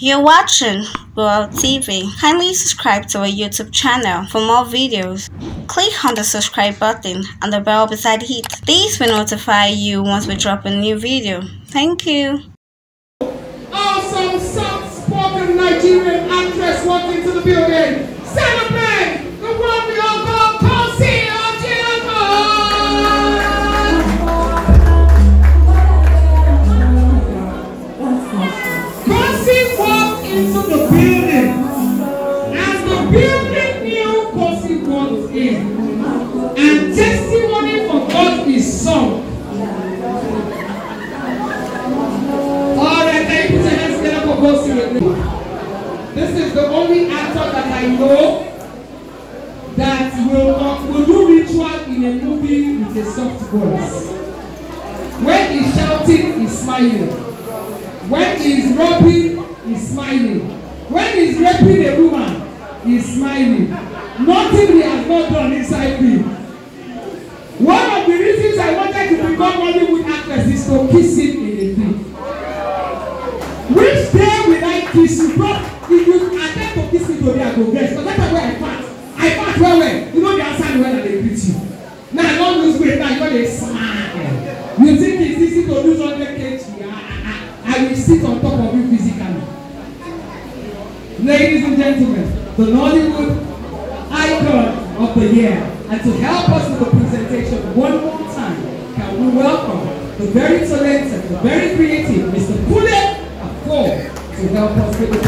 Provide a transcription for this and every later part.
You're watching World TV. Kindly subscribe to our YouTube channel for more videos. Click on the subscribe button and the bell beside it. This will notify you once we drop a new video. Thank you. Awesome soft spoken Nigerian actress walked to the building. Celebrate! This is the only actor that I know that will, uh, will do ritual in a movie with a soft voice. When he's shouting, he's smiling. When he's rubbing, he's smiling. When he's raping a woman, he's smiling. Nothing he has not done inside me. One of the reasons I wanted to become Hollywood actress is to kiss him in the face. Which day disinfect if you attempt to kiss me today i go vex but later wey i fat i fat well well you know the outside weather dey beat you now i don lose weight now you don dey smile you think it's easy to lose hundred kg ah ah i will sit on top of you physically ladies and gentleman the nollywood icon of the year and to help us with the presentation one more time can we welcome the very talented the very creative mr help us with no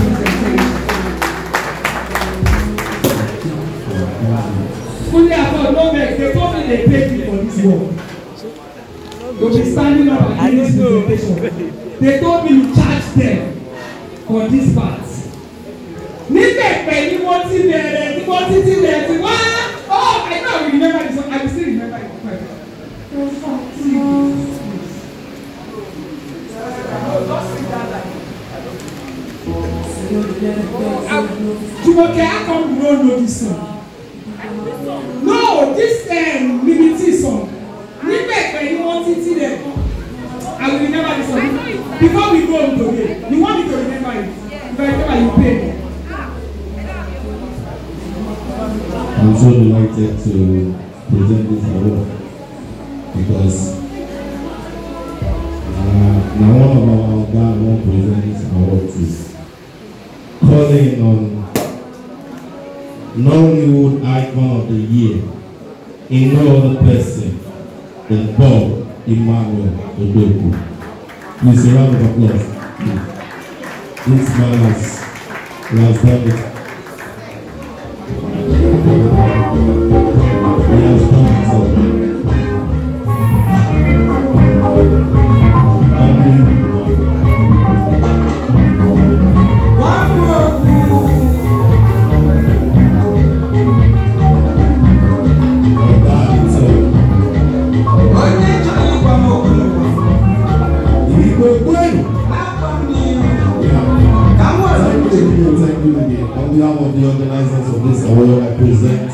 vex, they come in dey pay me for this work. You'll be standing up and this presentation. They told me to charge them for this part. Nígbà pẹ̀lú wọ́n ti bẹ̀rẹ̀ tí wọ́n ti ti bẹ̀rẹ̀ tí Jumoke Akon no know this song. No, this um, Mimiti song. Nígbà pé ni wọ́n ti ti dẹ̀. I will remember this song. Before we go on today, you want me to remember it? If I remember, you pay me. I'm so delighted to present this award because uh, na one of our oga wan present this award to calling on Nollywood Icon of the Year in no other person than Bob Emmanuel Odoku. Please, a round of applause. Please. This man has, has done it Igbo Thank you, thank you again. On behalf of the organizers of this I present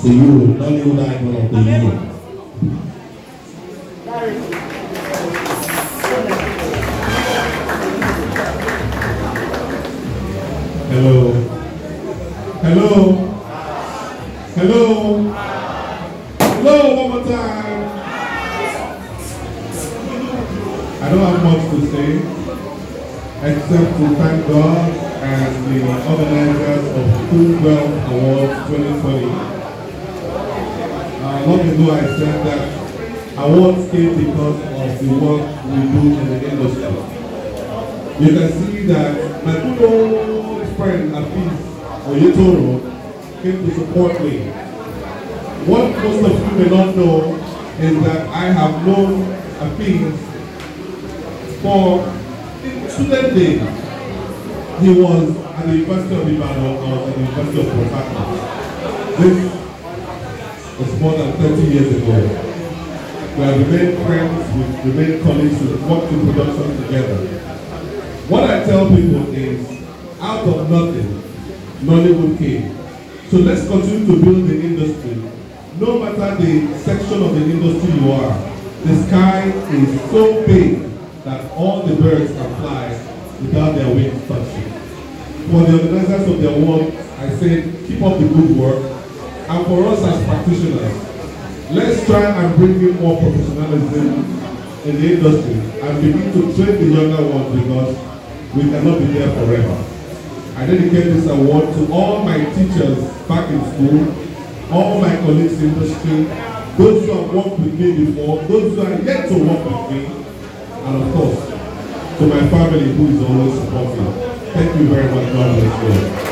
to you Nollywood Icon of the Year. Hello. Hello. Hello. much to say except to thank God and the organizers of Cool Wealth Awards 2020. Uh, long ago I said that awards came because of the work we do in the industry. You can see that my good old friend Apis Oyetoro came to support me. What most of you may not know is that I have known Apis for student day. He was at the University of Ibadan, I uh, was at the University of Port Harcourt. This was more than 30 years ago. We have remained friends, We remained colleagues, We worked in production together. What I tell people is, out of nothing, Nollywood came. So let's continue to build the industry. No matter the section of the industry you are, the sky is so big that all the birds can fly without their wings touching. For the organizers of the award, I say keep up the good work. And for us as practitioners, let's try and bring in more professionalism in the industry and begin to train the younger ones because we cannot be there forever. I dedicate this award to all my teachers back in school, all my colleagues in industry, those who have worked with me before, those who are yet to work with me, and of course, to my family who is always supporting. Thank you very much, God bless you.